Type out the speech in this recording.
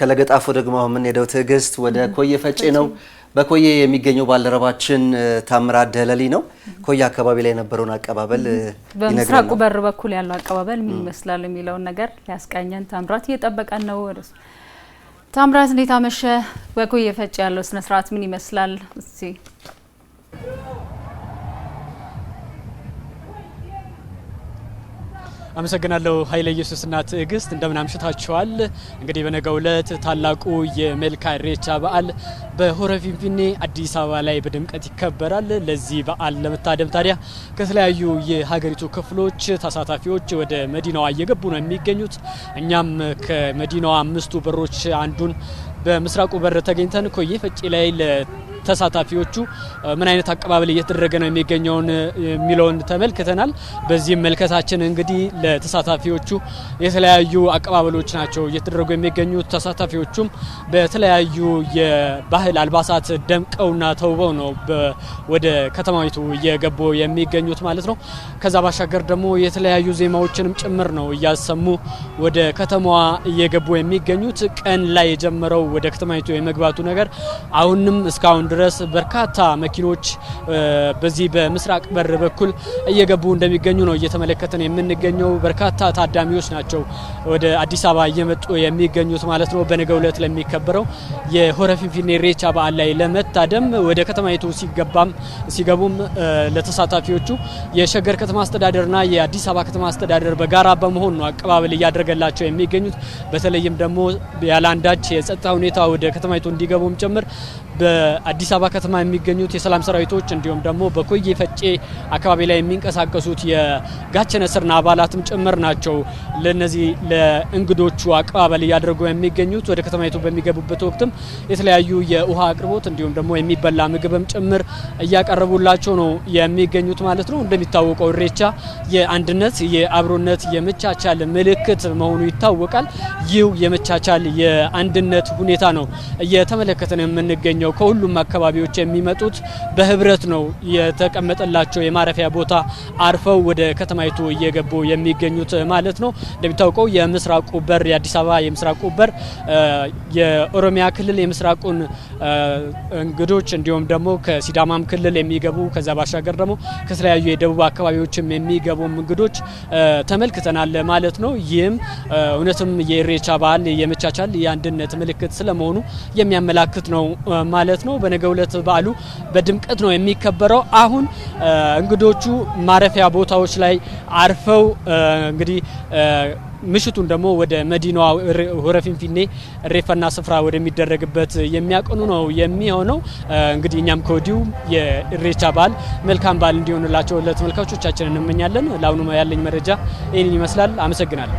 ከለገጣፎ ደግሞ አሁን የምንሄደው ትዕግስት ወደ ኮየ ፈጬ ነው። በኮየ የሚገኘው ባልደረባችን ታምራት ደለሊ ነው። ኮየ አካባቢ ላይ የነበረውን አቀባበል በምስራቁ በር በኩል ያለው አቀባበል ምን ይመስላል የሚለውን ነገር ሊያስቃኘን ታምራት እየጠበቀን ነው። ታምራት እንዴት አመሸ? በኮየ ፈጬ ያለው ስነስርዓት ምን ይመስላል? አመሰግናለሁ ኃይለ ኢየሱስና ትዕግስት እንደምን አምሽታችኋል። እንግዲህ በነገው ዕለት ታላቁ የመልካ ኢሬቻ በዓል በሆረ ፊንፊኔ አዲስ አበባ ላይ በድምቀት ይከበራል። ለዚህ በዓል ለመታደም ታዲያ ከተለያዩ የሀገሪቱ ክፍሎች ተሳታፊዎች ወደ መዲናዋ እየገቡ ነው የሚገኙት። እኛም ከመዲናዋ አምስቱ በሮች አንዱን በምስራቁ በር ተገኝተን ኮዬ ፈጬ ላይ ተሳታፊዎቹ ምን አይነት አቀባበል እየተደረገ ነው የሚገኘውን የሚለውን ተመልክተናል። በዚህም መልከታችን እንግዲህ ለተሳታፊዎቹ የተለያዩ አቀባበሎች ናቸው እየተደረጉ የሚገኙት። ተሳታፊዎቹም በተለያዩ የባህል አልባሳት ደምቀውና ተውበው ነው ወደ ከተማዊቱ እየገቡ የሚገኙት ማለት ነው። ከዛ ባሻገር ደግሞ የተለያዩ ዜማዎችንም ጭምር ነው እያሰሙ ወደ ከተማዋ እየገቡ የሚገኙት። ቀን ላይ የጀመረው ወደ ከተማዊቱ የመግባቱ ነገር አሁንም እስካሁን ድረስ በርካታ መኪኖች በዚህ በምስራቅ በር በኩል እየገቡ እንደሚገኙ ነው እየተመለከትን የምንገኘው። በርካታ ታዳሚዎች ናቸው ወደ አዲስ አበባ እየመጡ የሚገኙት ማለት ነው። በነገው ዕለት ለሚከበረው የሆረ ፊንፊኔ ኢሬቻ በዓል ላይ ለመታደም ወደ ከተማይቱ ሲገባም ሲገቡም ለተሳታፊዎቹ የሸገር ከተማ አስተዳደርና የአዲስ አበባ ከተማ አስተዳደር በጋራ በመሆን ነው አቀባበል እያደረገላቸው የሚገኙት። በተለይም ደግሞ ያለአንዳች የጸጥታ ሁኔታ ወደ ከተማይቱ እንዲገቡም ጭምር በአዲስ በአዲስ አበባ ከተማ የሚገኙት የሰላም ሰራዊቶች እንዲሁም ደግሞ በኮዬ ፈጬ አካባቢ ላይ የሚንቀሳቀሱት የጋቸነ ስርና አባላትም ጭምር ናቸው ለነዚህ ለእንግዶቹ አቀባበል እያደረጉ የሚገኙት። ወደ ከተማይቱ በሚገቡበት ወቅትም የተለያዩ የውሃ አቅርቦት እንዲሁም ደግሞ የሚበላ ምግብም ጭምር እያቀረቡላቸው ነው የሚገኙት ማለት ነው። እንደሚታወቀው እሬቻ የአንድነት፣ የአብሮነት፣ የመቻቻል ምልክት መሆኑ ይታወቃል። ይህ የመቻቻል የአንድነት ሁኔታ ነው እየተመለከተን የምንገኘው ከሁሉም አካባቢዎች የሚመጡት በህብረት ነው የተቀመጠላቸው የማረፊያ ቦታ አርፈው ወደ ከተማይቱ እየገቡ የሚገኙት ማለት ነው። እንደሚታወቀው የምስራቁ በር የአዲስ አበባ የምስራቁ በር የኦሮሚያ ክልል የምስራቁን እንግዶች እንዲሁም ደግሞ ከሲዳማም ክልል የሚገቡ ከዛ ባሻገር ደግሞ ከተለያዩ የደቡብ አካባቢዎችም የሚገቡ እንግዶች ተመልክተናል ማለት ነው። ይህም እውነትም የኢሬቻ በዓል የመቻቻል የአንድነት ምልክት ስለመሆኑ የሚያመላክት ነው ማለት ነው። በነገው ዕለት በዓሉ በድምቀት ነው የሚከበረው። አሁን እንግዶቹ ማረፊያ ቦታዎች ላይ አርፈው እንግዲህ ምሽቱን ደግሞ ወደ መዲናዋ ሆረ ፊንፊኔ እሬፈና ስፍራ ወደሚደረግበት የሚያቀኑ ነው የሚሆነው። እንግዲህ እኛም ከወዲሁ የእሬቻ በዓል መልካም በዓል እንዲሆንላቸው ለተመልካቾቻችን እንመኛለን። ለአሁኑ ያለኝ መረጃ ይህንን ይመስላል። አመሰግናለሁ።